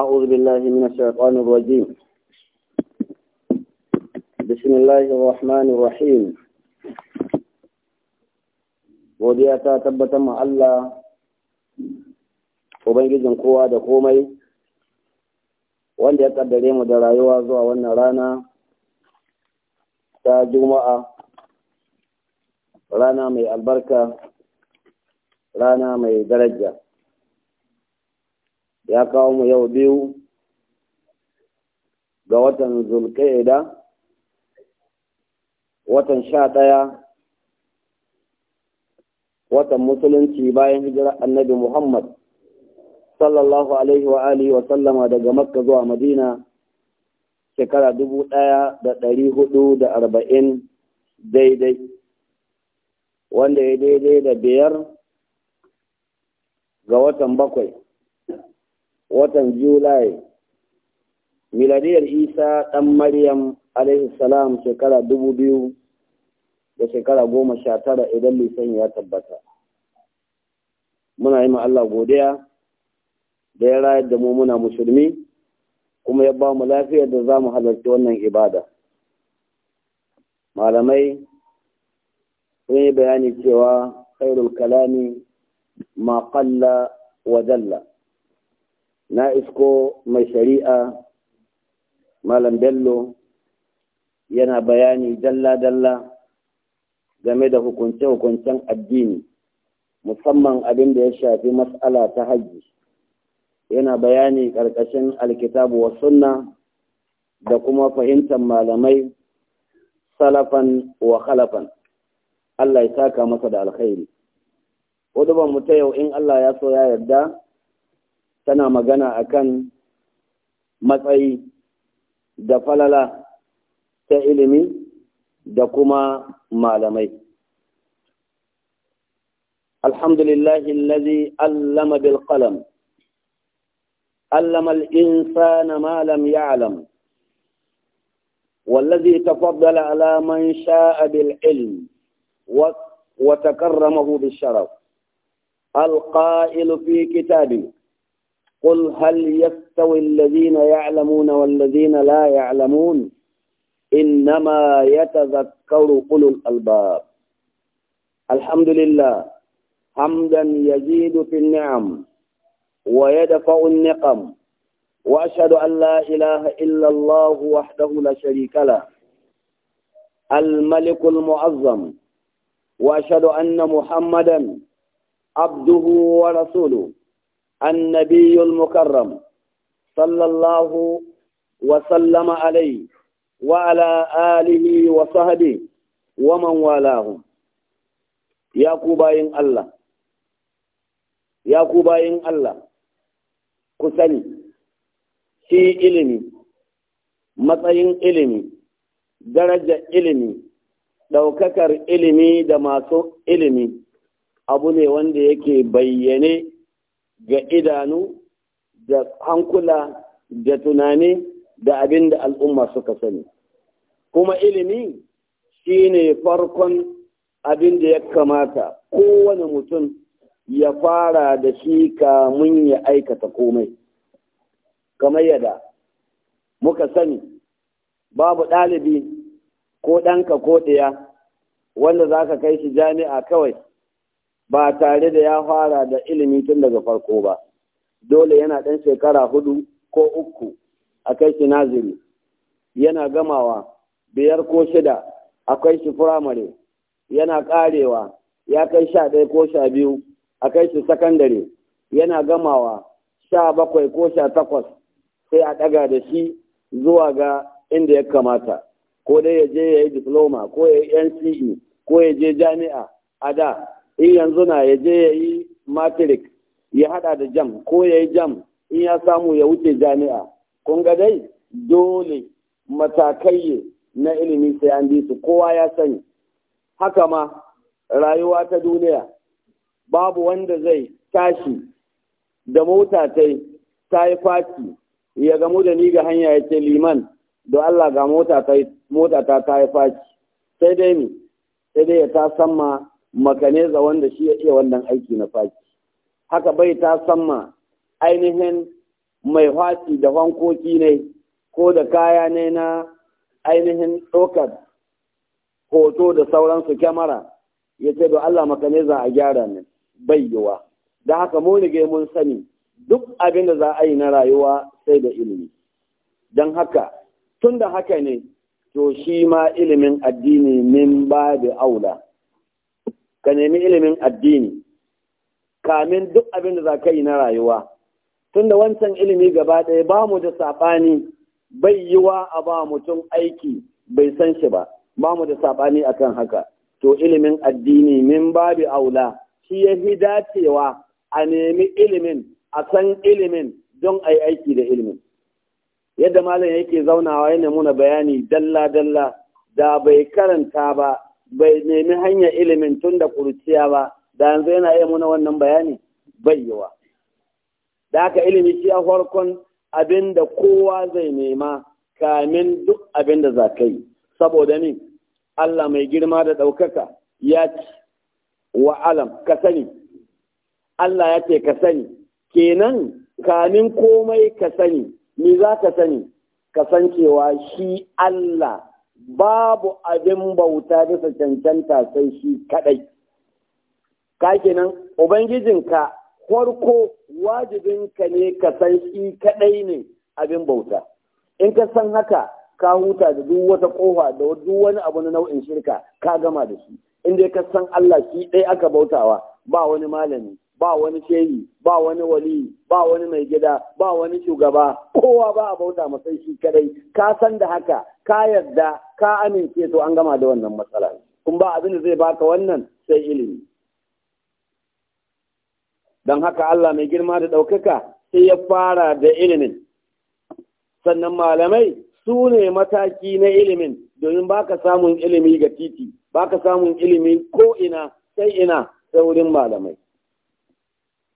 أعوذ بالله من الشيطان الرجيم بسم godiya ta tabbatar ma Allah Ubangijin kowa da komai wanda ya kaddare mu da rayuwa zuwa wannan rana ta juma'a rana mai albarka rana mai daraja ya kawo mu yau biyu ga watan zulkaida watan sha ɗaya watan musulunci bayan hijirar annabi muhammad sallallahu alaihi wa alihi wa sallama daga makka zuwa madina shekara dubu ɗaya da ɗari hudu da arba'in daidai wanda ya daidai da biyar ga watan bakwai watan Julai miladiyar Isa ɗan Maryam alaihi salam shekara dubu biyu da shekara goma sha tara idan lisan ya tabbata. Muna yi Allah godiya da ya rayar da mu muna musulmi kuma ya ba mu lafiyar da za mu halarci wannan ibada. Malamai sun yi bayani cewa khairul kalami ma wa dalla na isko mai shari'a malam bello yana bayani dalla-dalla game da hukunce-hukuncen addini musamman abin da ya shafi matsala ta hajji yana bayani ƙarƙashin alkitabu wa sunna da kuma fahimtar malamai salafan wa khalafan Allah ya saka masa da alkhairi. Hudubanmu ta yau in Allah ya so ya yarda tana magana akan matsayi da falala ta ilimi da kuma malamai alhamdulillahi allazi allama bil qalam allama al insana ma lam ya'lam والذي تفضل على من شاء بالعلم وتكرمه sharaf. القائل fi Kitabi. قل هل يستوي الذين يعلمون والذين لا يعلمون إنما يتذكر أولو الألباب الحمد لله حمدا يزيد في النعم ويدفع النقم وأشهد أن لا إله إلا الله وحده لا شريك له الملك المعظم وأشهد أن محمدا عبده ورسوله النبي المكرم صلى الله وسلم عليه وعلى آله وصحبه ومن والاهم يا كوباين الله يا كوباين الله كسني في إلمي matsayin ilimi daraja ilimi ɗaukakar ilimi da masu ilimi abu ne wanda yake bayyane ga idanu da hankula da tunani da abin da al'umma suka sani kuma ilimi shine farkon abin da ya kamata kowane mutum ya fara da shi kamun ya aikata komai kamar yadda muka sani babu ɗalibi ko ɗanka ko ɗaya wanda za ka kai shi jami'a kawai ba tare da ya fara da ilimi tun daga farko ba dole yana ɗan shekara hudu ko uku a kai shi naziri yana gamawa biyar ko shida akwai shi firamare yana ƙarewa ya kai sha ɗaya ko sha biyu a kai shi sakandare yana gamawa sha bakwai ko sha takwas sai a ɗaga da shi zuwa ga inda ya kamata ko dai ya je ya yi diploma ko ya yi nce ko ya je jami'a a da in yanzu na ya je ya yi matrix ya hada da jam ko ya yi jam in ya samu ya wuce jami'a kun ga dai dole matakai na ilimi sai an bi su kowa ya sani haka ma rayuwa ta duniya babu wanda zai tashi da mota ta yi fati ya gamu da ni ga hanya ya ce liman da Allah ga mota ta yi faki sai dai ne sai dai ya ta sama. makaneza wanda shi ya iya wannan aiki na faki haka bai ta samma ainihin mai hwaci da hankoki ne ko da kaya ne na ainihin ɗaukar hoto da sauransu kyamara ya ce da Allah makaneza a gyara ne bai yiwa da haka mu mun sani duk abin da za a yi na rayuwa sai da ilimi don haka tun da haka ne to shi ma ilimin addini min ba da aula ka nemi ilimin addini kamin duk abin da za ka yi na rayuwa tunda wancan ilimi gaba ɗaya ba mu da saɓani bai yiwa a ba mutum aiki bai san shi ba ba mu da saɓani a kan haka to ilimin addini min babi aula shi ya fi dacewa a nemi ilimin a san ilimin don a yi aiki da ilimin yadda malam yake zaunawa ya muna bayani dalla dalla da bai karanta ba bai nemi hanyar ilimin tun da kurciya ba da yanzu yana iya muna wannan bayani bayyawa da haka ilimi shi a farkon abin da kowa zai nema kamin duk abin da za ka yi saboda ni Allah mai girma da ɗaukaka ya ce wa alam ka sani Allah ya ce ka sani kenan kamin komai ka sani ni za ka sani Ka san cewa shi Allah babu abin bauta bisa cancanta sai shi kadai ka kenan ubangijinka farko wajibinka ne ka san shi kadai ne abin bauta in ka san haka ka huta da duk wata kofa da duk wani abu na nau'in shirka ka gama da shi in dai ka san Allah shi ɗaya aka bautawa ba wani malami ba wani shehi ba wani wali ba wani mai gida ba wani shugaba kowa ba a bauta masai shi kadai ka san da haka ka yarda ka amince to an gama da wannan matsala kun ba abin da zai baka wannan sai ilimi don haka Allah mai girma da ɗaukaka sai ya fara da ilimin sannan malamai su ne mataki na ilimin domin baka samun ilimi ga titi baka samun ilimi ko ina sai ina sai wurin malamai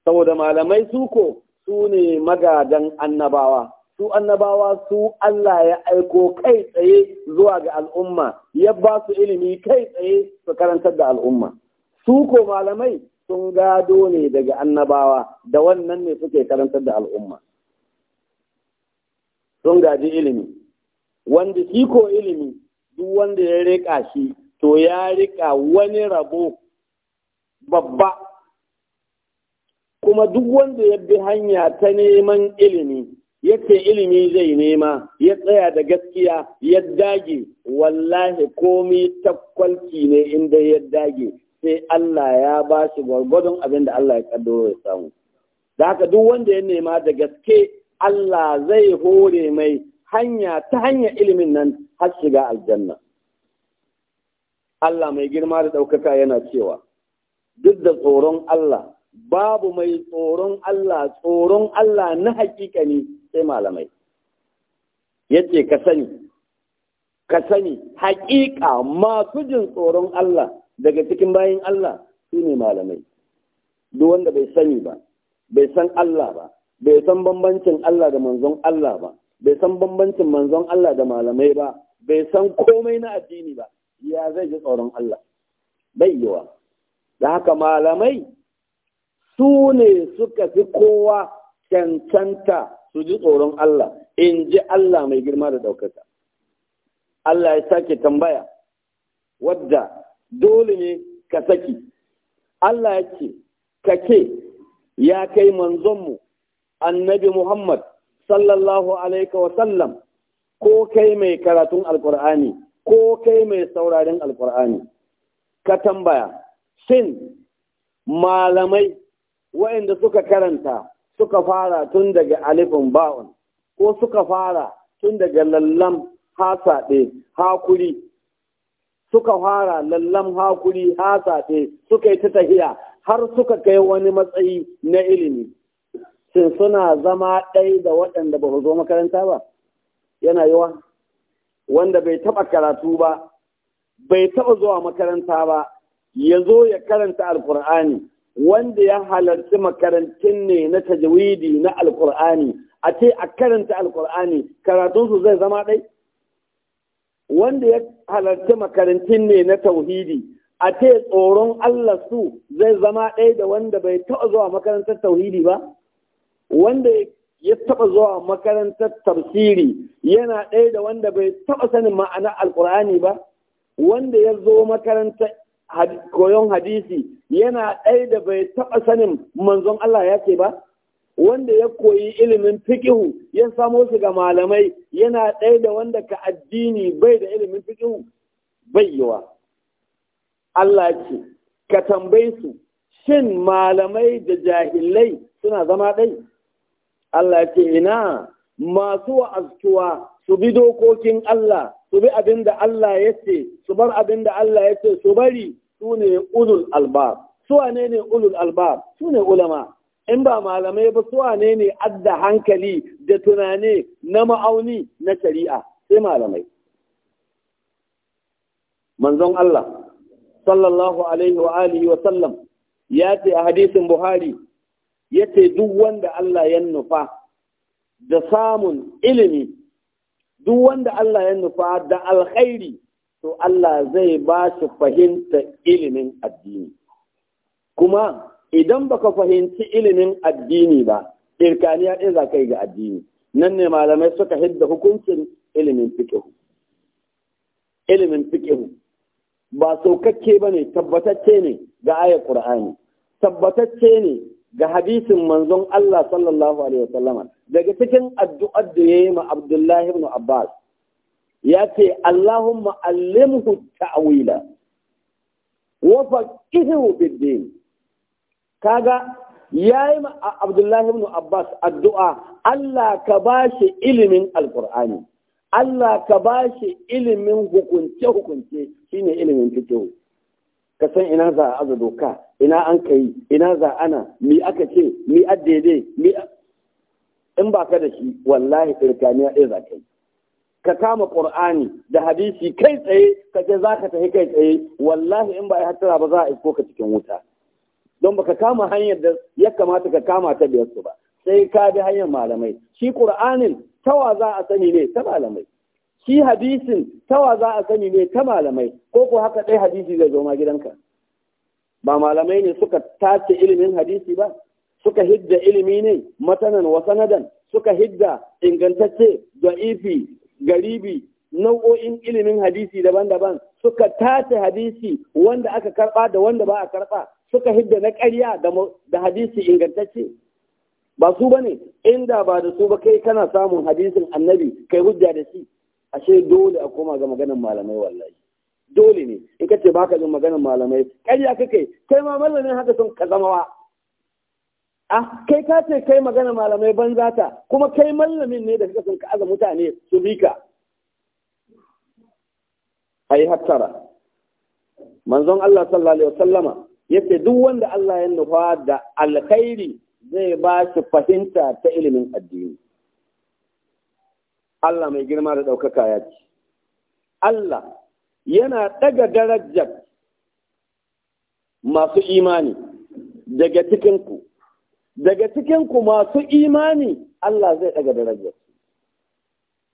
saboda malamai su ko su ne magadan annabawa su annabawa su Allah ya aiko kai tsaye zuwa ga al'umma ya ba su ilimi kai tsaye su karantar da al'umma su ko malamai sun gado ne daga annabawa da wannan ne suke karantar da al'umma sun gaji ilimi wanda shi ko ilimi duk wanda ya rika shi to ya rika wani rabo babba kuma duk wanda ya bi hanya ta neman ilimi yace ilimi zai nema ya tsaya da gaskiya ya dage wallahi komai takwalki ne inda ya dage sai Allah ya ba shi gwargwadon abin da Allah ya kaddaro ya samu da haka duk wanda ya nema da gaske Allah zai hore mai hanya ta hanyar ilimin nan har shiga aljanna Allah mai girma da ɗaukaka yana cewa duk da tsoron Allah babu mai tsoron Allah tsoron Allah na ne. sai malamai yace ka sani ka sani haƙiƙa masu jin tsoron Allah daga cikin bayan Allah su ne malamai duk wanda bai sani ba bai san Allah ba bai san bambancin Allah da manzon Allah ba bai san bambancin manzon Allah da malamai ba bai san komai na addini ba ya zai ji tsoron Allah bai yiwa da haka malamai su ne suka fi kowa cancanta su ji tsoron Allah in ji Allah mai girma da ɗaukaka Allah ya sake tambaya wadda dole ne ka saki Allah ya ce kake ya kai manzonmu annabi Muhammad sallallahu alaihi wa sallam ko kai mai karatun alkur'ani ko kai mai saurarin alkur'ani ka tambaya shin malamai waɗanda suka karanta suka fara tun daga alifin ba'un ko suka fara tun daga lallam hasaɗe hakuri suka fara lallam hakuri hasaɗe suka yi ta tahiya har suka kai wani matsayi na ilimi shin suna zama ɗai da waɗanda ba zo makaranta ba yana wa? wanda bai taɓa karatu ba bai taɓa zuwa makaranta ba yanzu ya karanta alkur'ani wanda ya halarci makarantun ne na tajawidi na alkur'ani a ce a karanta alkur'ani karatunsu zai zama ɗai wanda ya halarci makarantun ne na tauhidi a ce tsoron Allah su zai zama ɗaya da wanda bai taɓa zuwa makarantar tauhidi ba wanda ya taɓa zuwa makarantar tafsiri yana ɗaya da wanda bai taɓa sanin ma'ana alkur'ani ba wanda ya zo makarantar koyon hadisi yana ɗaya da bai taɓa sanin manzon Allah ya ce ba wanda ya koyi ilimin fikihu ya samo shi ga malamai yana ɗaya da wanda ka addini bai da ilimin fikihu bai yiwa Allah ce ka tambaye su shin malamai da jahilai suna zama ɗai Allah ce ina masu wa'azkuwa su bi dokokin Allah su bi abin da Allah ya ce su bar abin da Allah ya ce su bari su ne ulul albab su wane ne ulul albab su ne ulama in ba malamai ba su wane ne adda hankali da tunani na ma'auni na shari'a sai malamai manzon Allah sallallahu alaihi wa alihi wa sallam ya ce a hadisin Buhari ya ce duk wanda Allah ya nufa da samun ilimi duk wanda Allah ya nufa da alkhairi to Allah zai ba shi fahimta ilimin addini kuma idan baka fahimci ilimin addini ba irkaniya ɗaya za kai ga addini nan ne malamai suka hidda hukuncin ilimin fikihu ilimin fikihu ba saukakke ba ne tabbatacce ne ga ayat ƙur'ani tabbatacce ne ga hadisin manzon Allah sallallahu alaihi wasallama daga cikin addu'ar da yayi ma Abdullahi ibn Abbas ya ce Allahumma allimhu ta'wila wa faqihu bid-din kaga yayi ma Abdullahi ibn Abbas addu'a Allah ka bashi ilimin alqur'ani Allah ka bashi ilimin hukunce hukunce shine ilimin fiqh ka san ina za a azu doka ina an kai ina za ana mi aka ce mi addede mi in ba ka da shi wallahi tsirkaniya ɗaya za ka ka kama qur'ani da hadisi kai tsaye ka ce za ka tafi kai tsaye wallahi in ba ya hattara ba za a isko ka cikin wuta don baka kama hanyar da ya kamata ka kama ta biyar su ba sai ka bi hanyar malamai shi qur'anin tawa za a sani ne ta malamai shi hadisin tawa za a sani ne ta malamai ko ko haka ɗaya hadisi zai zo ma gidanka ba malamai ne suka tace ilimin hadisi ba suka hidda ilimi ne matanan wa sanadan suka hidda ingantacce da'ifi garibi nau'o'in ilimin hadisi daban-daban suka tace hadisi wanda aka karba da wanda ba a karba suka hidda na ƙarya da hadisi ingantacce ba su bane inda ba da su ba kai kana samun hadisin annabi kai hujja da shi ashe dole a koma ga maganar malamai wallahi dole ne in ka ce ba ka jin maganar malamai ƙarya kake kai ma malamai haka sun ka zama wa a ah, kai ka ce kai magana malamai banza ta kuma kai malamin ne da suka sun ka aza mutane su bi ka ayi hattara manzon Allah sallallahu alaihi wasallama yace duk wanda Allah ya nufa da alkhairi zai ba shi fahimta ta ilimin addini Allah mai girma da ɗaukaka ya ce Allah yana ɗaga darajar masu imani daga cikinku daga cikinku masu imani Allah zai ɗaga darajar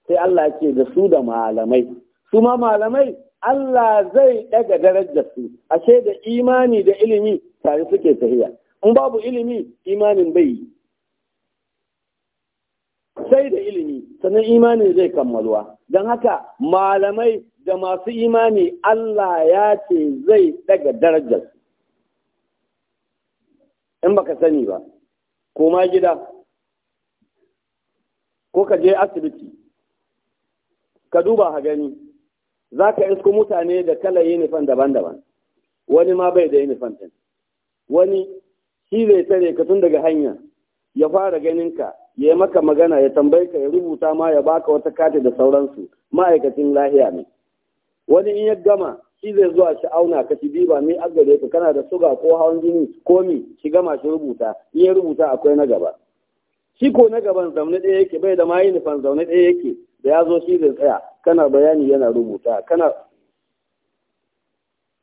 sai Allah ke da su da malamai su ma malamai Allah zai ɗaga darajar su ashe da imani da ilimi tare suke tahiya in babu ilimi imanin bai yi sai da ilimi sannan imanin zai kammaluwa don haka malamai da masu imani Allah ya ce zai daga darajar in baka sani ba koma gida ko ka je asibiti ka duba ha gani za ka isko mutane da kala yunifan daban-daban wani ma bai da yunifan ɗin wani shi zai tare ka tun daga hanya ya fara ganinka ya yi maka magana ya tambaye ka ya rubuta ma ya baka wata kati da sauransu ma'aikacin lahiya ne wani in ya gama shi zai zuwa shi auna ka shi biba, mai aggare ka kana da suga ko hawan jini ko mi shi gama shi rubuta in ya rubuta akwai na gaba shi ko na gaban zaune ɗaya yake bai da mayi nufan zaune ɗaya yake da ya zo shi zai tsaya kana bayani yana rubuta kana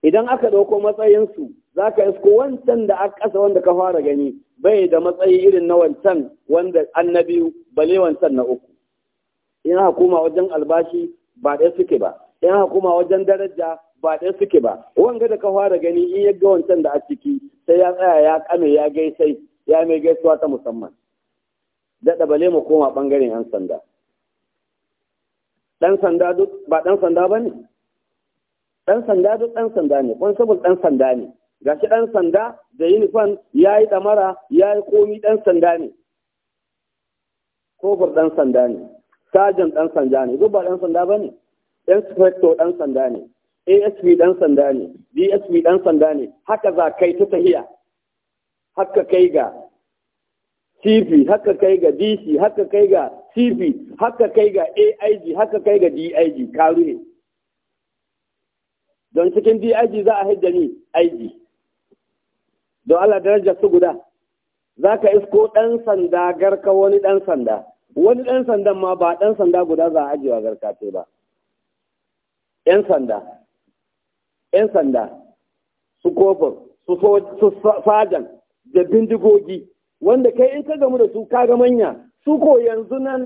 idan aka ɗauko matsayinsu za ka isko wancan da aka ƙasa wanda ka fara gani bai da matsayi irin na wancan wanda annabi bale wancan na uku ina hukuma wajen albashi ba ɗaya suke ba in kuma wajen daraja ba ɗaya suke ba wanga da ka fara gani in ya ga wancan da a ciki sai ya tsaya ya kame ya gaisai ya mai gaisuwa ta musamman daɗa bale mu koma ɓangaren 'yan sanda ɗan sanda duk ba ɗan sanda ba ne ɗan sanda duk ɗan sanda ne saboda ɗan sanda ne gashi ɗan sanda da uniform ya yi ɗamara ya yi komi ɗan sanda ne kofar ɗan sanda ne sajan ɗan sanda ne duk ba ɗan sanda ba ne inspector ɗan sanda ne asp ɗan sanda ne dsp ɗan sanda ne haka za kai ta tahiya haka kai ga cp haka kai ga dc haka kai ga cp haka kai ga aig haka kai ga dig karu ne don cikin dig za a hajja ni IG. don allah darajar su guda za ka isko ɗan sanda garka wani ɗan sanda wani ɗan sandan ma ba ɗan sanda guda za a ajiyewa garka ce ba 'yan sanda 'yan sanda su kofar su fajan da bindigogi wanda kai in ka gamu da su ka ga manya su ko yanzu nan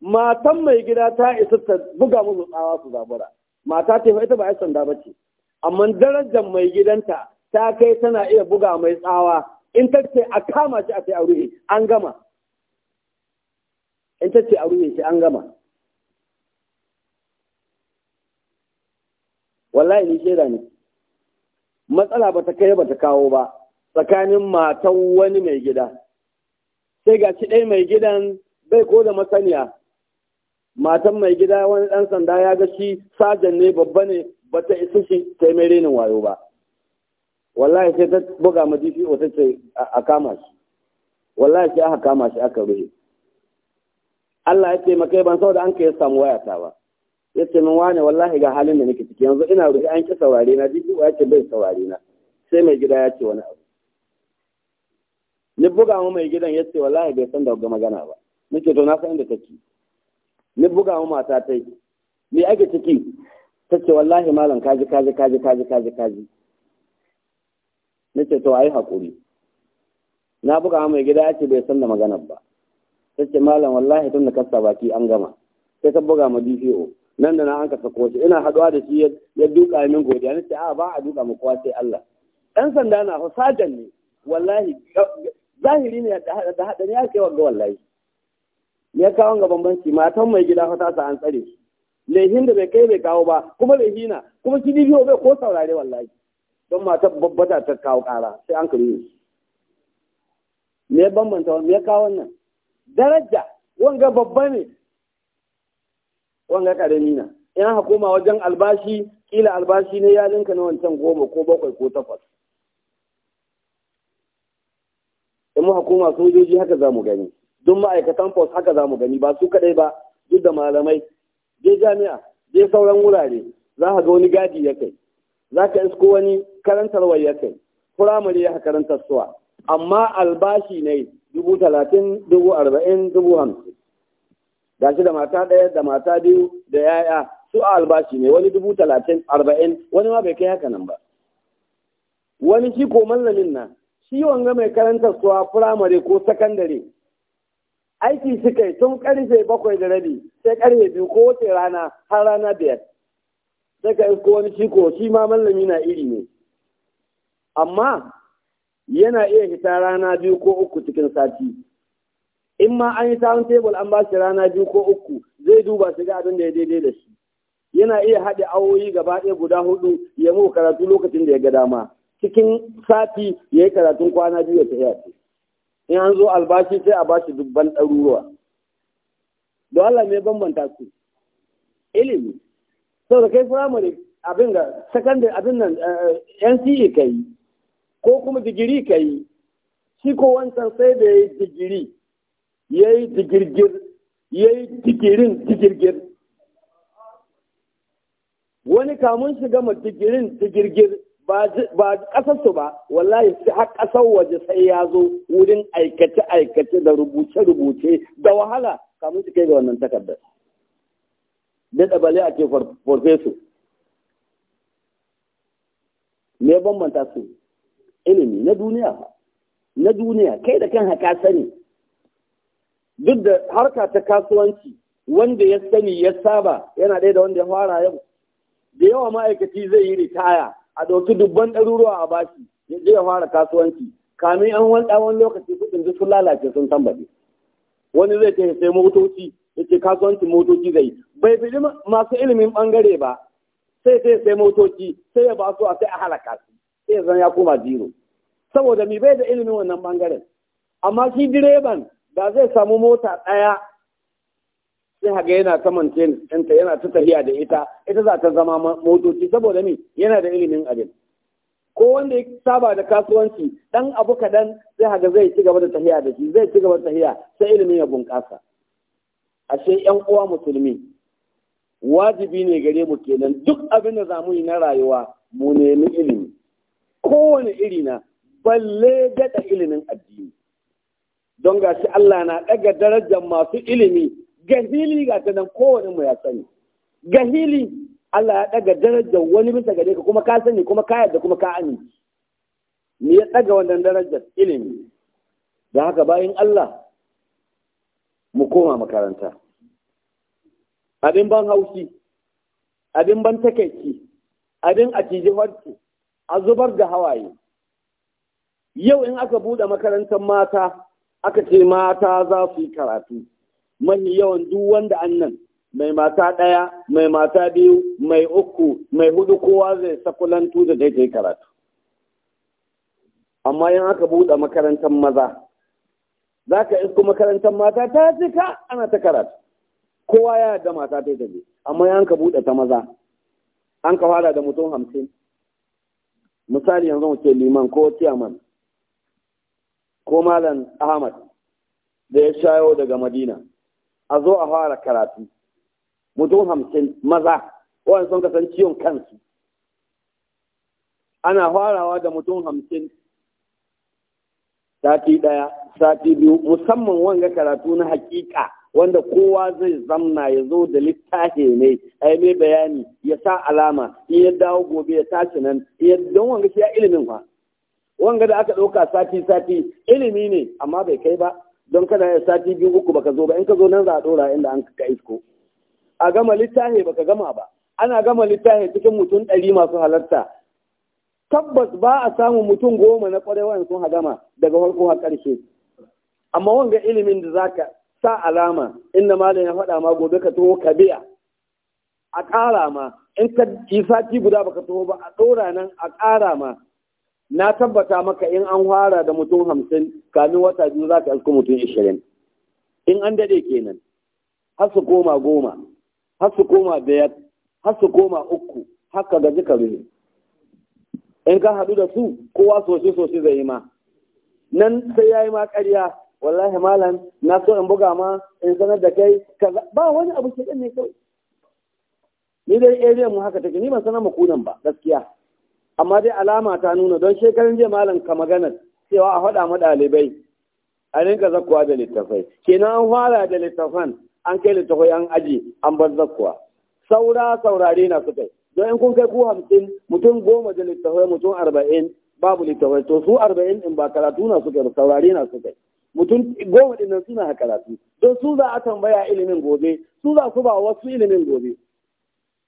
matan mai gida ta isa ta buga musu tsawa su zabura mata ce ita ba 'yan sanda ba ce amma darajar mai gidanta ta kai tana iya buga mai tsawa in ta ce a kama shi a sai a ruhe an gama in ta ce a ruhe shi an gama wallahi ni shaida ne matsala ba ta kai ba ta kawo ba tsakanin matan wani mai gida sai ga shi ɗaya mai gidan bai ko da masaniya matan mai gida wani ɗan sanda ya ga shi sajan ne babba ne ba ta isa shi ta yi mai renin wayo ba wallahi sai ta buga ma dpo ta ce a kama shi wallahi sai aka kama shi aka ruhe Allah ya ce makai ban saboda an kai samu wayata ba ya ce min wane wallahi ga halin da nake ciki yanzu ina rufe an ki saurare na duk ya ce bai saurare na sai mai gida ya ce wani abu ni buga mu mai gidan ya ce wallahi bai san da ga magana ba nake to na san inda take ni buga mu mata ta yi me ake ciki ta ce wallahi malam kaji kaji kaji kaji kaji kaji nake to ai hakuri na buga mai gida ya ce bai san da magana ba ta ce malam wallahi tun da kasa baki an gama sai ta buga ma DPO nan da na an ka kowace ina haduwa da shi ya duka min godiya na ce a ba a duka mu kowa sai Allah ɗan sanda na fa sajan ne wallahi zahiri ne da haɗa ya kai wanga wallahi ya kawo ga bambanci matan mai gida fa ta sa an tsare shi laihin da bai kai bai kawo ba kuma lehina kuma shi bidiyo bai ko saurare wallahi don mata babbata ta kawo ƙara sai an kare shi me bambanta me kawo wannan daraja wanga babba ne wanga karami na in aka koma wajen albashi kila albashi ne ya linka na wancan goma ko bakwai ko takwas in muka koma sojoji haka za mu gani duk ma'aikatan pos haka za mu gani ba su kadai ba duk da malamai je jami'a je sauran wurare za ka ga wani gadi ya kai za ka isko wani karantarwar ya kai firamare ya karantar suwa amma albashi ne dubu talatin dubu arba'in dubu hamsin gashi da mata ɗaya da mata biyu da yaya su a albashi ne wani dubu talatin arba'in wani ma bai kai haka nan ba wani shi ko mallamin na shi wanga mai karantar suwa firamare ko sakandare aiki suka kai tun karfe bakwai da rabi sai karfe biyu ko wace rana har rana biyar sai ka isko wani shi ko shi ma mallami na iri ne amma yana iya fita rana biyu ko uku cikin sati in ma an yi tawon tebul an ba shi rana biyu ko uku zai duba su ga abin da ya daidai da shi yana iya haɗe awoyi gaba ɗaya guda hudu ya mu karatu lokacin da ya ga dama cikin sati ya yi karatun kwana biyu ya tafiya ce in an zo albashi sai a bashi dubban ɗaruruwa don Allah me bambanta su ilimi da kai firamare abin ga sakandar abin nan eh, NCE ka yi ko kuma digiri ka yi shi ko wancan sai da ya yi digiri Yayi digirgir yayi digirin digirgir wani kamun shiga ma digirin digirgir ba su ba wallahi su har ƙasar waje sai ya zo wurin aikace-aikace da rubuce-rubuce da wahala kamun shi kai ga wannan takardar da ɗabale a ce farfesu me bambanta su ilimi na duniya na duniya kai da kan haka sani duk da harka ta kasuwanci wanda ya sani ya saba yana ɗaya da wanda ya fara yau da yawa ma'aikaci zai yi ritaya a ɗauki dubban ɗaruruwa a bashi ya je ya fara kasuwanci kamin an wanda wani lokaci kuɗin duk sun lalace sun tambaye wani zai ce sai motoci ya ce kasuwanci motoci zai bai fi masu ilimin ɓangare ba sai sai sai motoci sai ya ba su a sai a halaka su sai ya zan ya koma jiro saboda mi bai da ilimin wannan ɓangaren amma shi direban da zai samu mota ɗaya sai haga yana kamance ɗanta yana ta tafiya da ita ita za ta zama motoci saboda ni yana da ilimin abin ko wanda ya saba da kasuwanci ɗan abu kaɗan sai haga zai ci gaba da tafiya da shi zai ci gaba da tafiya sai ilimin ya bunƙasa ashe yan uwa musulmi wajibi ne gare mu kenan duk abin da zamu yi na rayuwa mu nemi ilimi kowane iri na balle daɗa ilimin addini don gashi Allah na ɗaga darajar masu ilimi gahili ga ta nan kowane mu ya sani gahili Allah ya ɗaga darajar wani bisa gare ka kuma ka sani kuma ka yarda kuma ka aminci me ya ɗaga wannan darajar ilimi da haka bayan Allah mu koma makaranta abin ban haushi abin ban takaici abin a cijifarci a zubar da hawaye yau in aka buɗe makarantar mata aka ce mata za su yi karatu mani yawan duk wanda annan mai mata ɗaya mai mata biyu mai uku mai hudu kowa zai sakulantu da dai karatu amma yin aka buɗe makarantar maza za ka isko makarantar mata ta cika ana ta karatu kowa ya da mata ta yi amma yin aka buɗe ta maza an ka fara da mutum hamsin misali yanzu mu ce liman ko ciyaman ko malam ahmad da ya shayo daga madina a zo a fara karatu mutum hamsin maza wani sun kasan ciwon kansu ana farawa da mutum hamsin sati ɗaya sati biyu musamman wanga karatu na hakika wanda kowa zai zamna ya zo da littafi ne a yi mai bayani ya sa alama in ya dawo gobe ya tashi nan don wanga shi ya ilimin ba. wanga da aka ɗauka sati sati ilimi ne amma bai kai ba don kana ya sati biyu uku baka zo ba in ka zo nan za a ɗora inda an ka isko a gama littafi baka gama ba ana gama littafi cikin mutum ɗari masu halarta tabbas ba a samu mutum goma na ƙwarewa sun hagama daga farko har ƙarshe amma wanga ilimin da za ka sa alama inda malam ya faɗa ma gobe ka taho ka biya a ƙara ma in ka yi sati guda baka taho ba a ɗora nan a ƙara ma na tabbata maka in an fara da mutum hamsin kamin wata biyu za ka asko mutum ishirin in an dade kenan har su koma goma har su koma biyar har su koma uku haka ga jika biyu. in ka haɗu da su kowa sosai sosai zai yi ma nan sai ya yi ma ƙarya wallahi malam na so in buga ma in sanar da kai kaza ba wani abu shi ne kawai ni dai area mu haka take ni ban sanar mu kunan ba gaskiya amma dai alama ta nuna don shekarun jiya malam ka magana cewa a faɗa ma ɗalibai a rinka zakkuwa da littafai kenan an fara da littafan an kai littafai an aji an bar zakkuwa saura saurare na suka don in kun kai ku hamsin mutum goma da littafai mutum arba'in babu littafai to su arba'in in ba karatu na suka saurare na suka mutum goma din nan suna karatu don su za a tambaya ilimin gobe su za su ba wasu ilimin gobe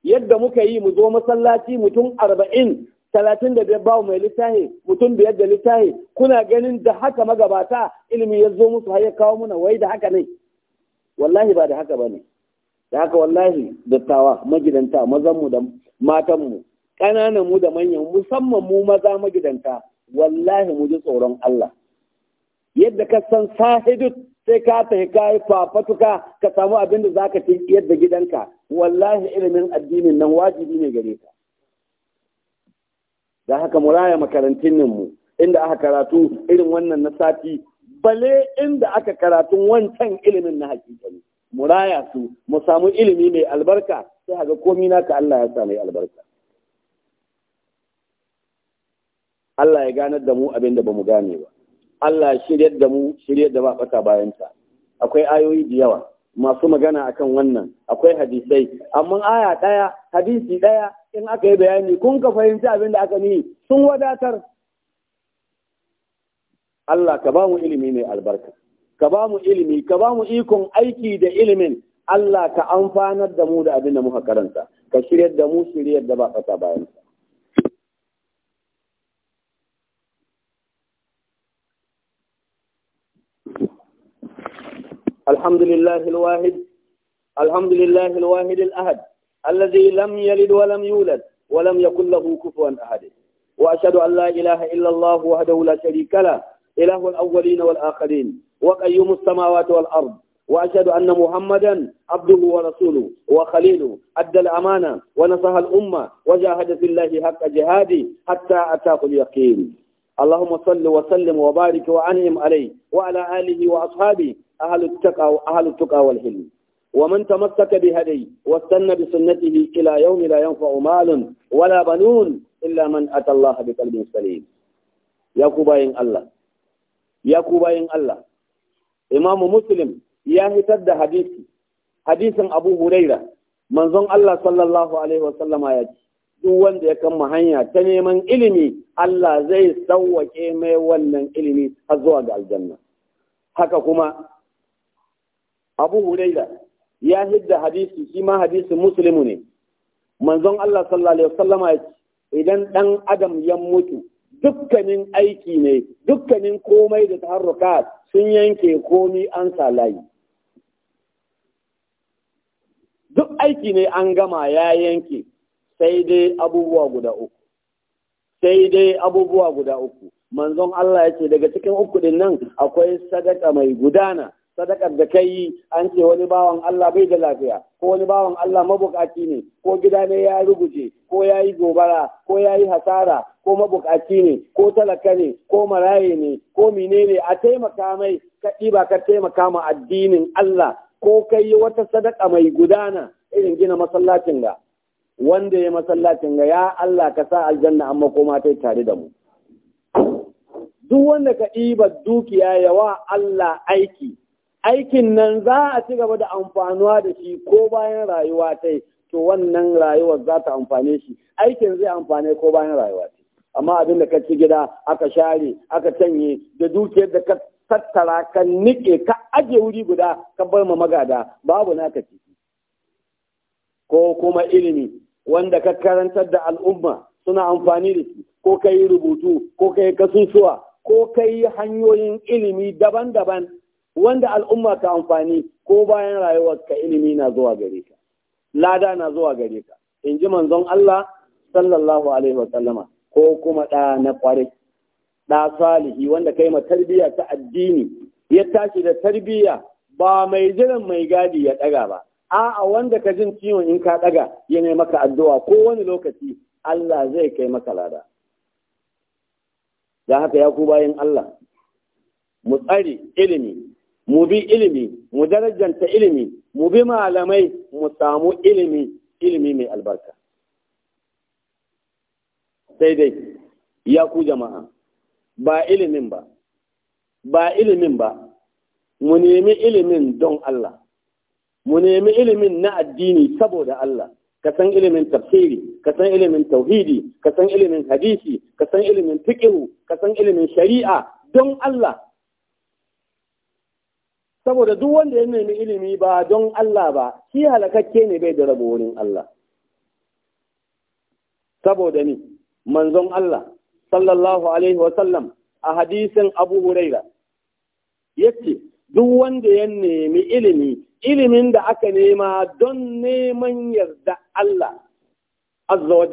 yadda muka yi mu zo masallaci mutum arba'in talatin da biyar babu mai littahi mutum biyar da littahi kuna ganin da haka magabata ilimi ya zo musu har ya kawo muna wai da haka ne wallahi ba da haka ba ne da haka wallahi dattawa magidanta mazanmu da matanmu ƙananan da manyan musamman mu maza magidanta wallahi mu ji tsoron Allah yadda ka san sahidut sai ka tafi ka yi fafatuka ka samu abin da zaka ci yadda gidanka wallahi ilimin addinin nan wajibi ne gare ka da haka mu raya makarantun nan mu inda aka karatu irin wannan na sati bale inda aka karatu wancan ilimin na hakikani mu raya su mu samu ilimi mai albarka sai haka komi naka Allah ya sa albarka Allah ya ganar da mu abinda ba mu gane ba Allah ya shiryar da mu shiryar da ba bata bayanta akwai ayoyi da yawa masu magana akan wannan akwai hadisai amma aya ɗaya hadisi ɗaya in aka yi bayani kun ka fahimci abin da aka nihi sun wadatar Allah ka ba mu ilimi mai albarka ka ba mu ilimi ka ba mu ikon aiki da ilimin Allah ka amfanar da mu da abin da muka karanta ka shiryar da mu shiryar da ba kasa bayan الحمد لله الواحد الحمد لله الواحد الأحد الذي لم يلد ولم يولد ولم يكن له كفوا أحد وأشهد أن لا إله إلا الله وحده لا شريك له إله الأولين والآخرين وقيوم السماوات والأرض وأشهد أن محمدا عبده ورسوله وخليله أدى الأمانة ونصح الأمة وجاهد في الله حق جهاده حتى أتاه اليقين اللهم صل وسلم وبارك وأنعم عليه وعلى آله وأصحابه أهل التقى, أهل التقى والحلم ومن تمسك بهدي واستنى بسنته إلى يوم لا ينفع مال ولا بنون إلا من أتى الله بقلب سليم يا كوباين الله يا كوباين الله إمام مسلم يا هتد حديثي حديث أبو هريرة من ظن الله صلى الله عليه وسلم يأتي duk wanda ya kama hanya ta neman ilimi Allah zai sauwake mai wannan ilimi har zuwa ga aljanna haka kuma Abu Huraira ya hidda hadisi shi ma hadisi muslimu ne manzon Allah sallallahu alaihi wasallam idan dan adam ya mutu dukkanin aiki ne dukkanin komai da taharruka sun yanke komi an salayi duk aiki ne an gama ya yanke sai dai abubuwa guda uku sai dai abubuwa guda uku manzon Allah yace daga cikin uku din nan akwai sadaka mai gudana sadakar da kai an ce wani bawan Allah bai da lafiya ko wani bawan Allah mabukaci ne ko gida ne ya ruguje ko ya yi gobara ko ya yi hasara ko mabukaci ne ko talaka ne ko maraye ne ko menene a taimaka mai ka ɗiba ka taimaka ma addinin Allah ko kai wata sadaka mai gudana irin gina masallacin ga wanda ya masallacin ga ya Allah ka sa aljanna amma koma ta tare da mu duk wanda ka ɗiba dukiya yawa Allah aiki aikin nan za a ci gaba da amfanuwa da shi ko bayan rayuwa ta to wannan rayuwar za ta amfane shi aikin zai amfane ko bayan rayuwa ta amma abin da ka ci gida aka share aka canye da dukiyar da ka tattara ka nike ka ajiye wuri guda ka bar ma magada babu naka ciki ko kuma ilimi wanda ka karantar da al'umma suna amfani da shi ko ka yi rubutu ko ka yi kasusuwa ko ka yi hanyoyin ilimi daban-daban wanda al'umma ka amfani ko bayan rayuwar ka ilimi na zuwa gare ka lada na zuwa gare ka in ji manzon Allah sallallahu alaihi wa sallama ko kuma ɗa na ƙwarai ɗa salihi wanda kai ma tarbiyya ta addini ya tashi da tarbiyya ba mai jiran mai gadi ya ɗaga ba a'a wanda ka jin ciwon in ka ɗaga ya maka addu'a ko wani lokaci Allah zai kai maka lada da haka ya ku bayan Allah mu tsare ilimi mu bi ilimi mu darajanta ilimi mu bi malamai mu samu ilimi ilimi mai albarka sai dai ya ku jama'a ba ilimin ba ba ilimin ba mu nemi ilimin don Allah mu nemi ilimin na addini saboda Allah ka san ilimin tafsiri ka san ilimin tauhidi ka san ilimin hadisi ka san ilimin fiqh ka san ilimin shari'a don Allah saboda duk wanda ya nemi ilimi ba don Allah ba shi halakakke ne bai da rabo wurin Allah saboda ni manzon Allah sallallahu alaihi wa sallam a hadisin Abu Huraira yace duk wanda ya nemi ilimi ilimin da aka nema don neman yarda Allah azza wa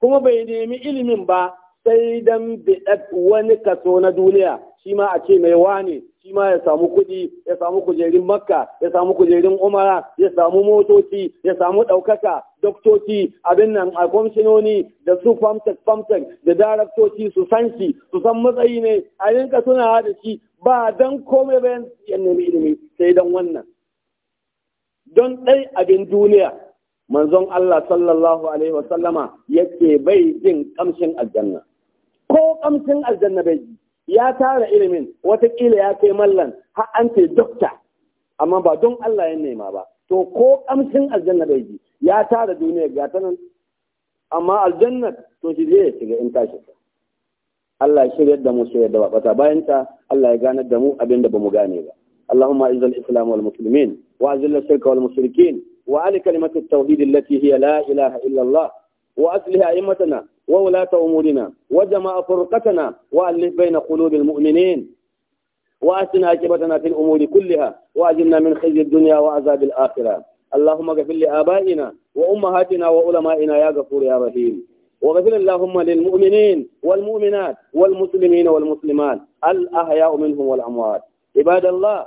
kuma bai nemi ilimin ba sai dan bidat wani kaso na duniya shi ma a ce mai wane shi ma ya samu kuɗi ya samu kujerun makka ya samu kujerun umara ya samu motoci ya samu ɗaukaka doktoci abin nan a kwamshinoni da su famtek famtek da daraktoci su san shi su san matsayi ne a rinka suna da shi ba don komai bayan yan nemi ilimi sai don wannan don ɗai abin duniya manzon Allah sallallahu alaihi wasallama yake bai jin kamshin aljanna ko kamshin aljanna bai ji ya tara ilimin watakila ya kai mallan har an ce dokta amma ba don Allah ya nema ba to ko kamcin aljanna bai ji ya tara duniya ga ta nan amma aljanna to shi zai shiga in tashi Allah ya shirya da mu shirya da babata bayan ta Allah ya ganar da mu abinda ba bamu gane ba wa azil shirka wal mushrikin wa wa'ali kalimatu كلمه allati hiya la ilaha illa Allah wa واصلح ائمتنا وولاة أمورنا وجمع فرقتنا وألف بين قلوب المؤمنين وأتنا عاقبتنا في الأمور كلها وأجلنا من خزي الدنيا وعذاب الآخرة اللهم اغفر لآبائنا وأمهاتنا وعلمائنا يا غفور يا رحيم واغفر اللهم للمؤمنين والمؤمنات والمسلمين والمسلمات الأحياء منهم والأموات عباد الله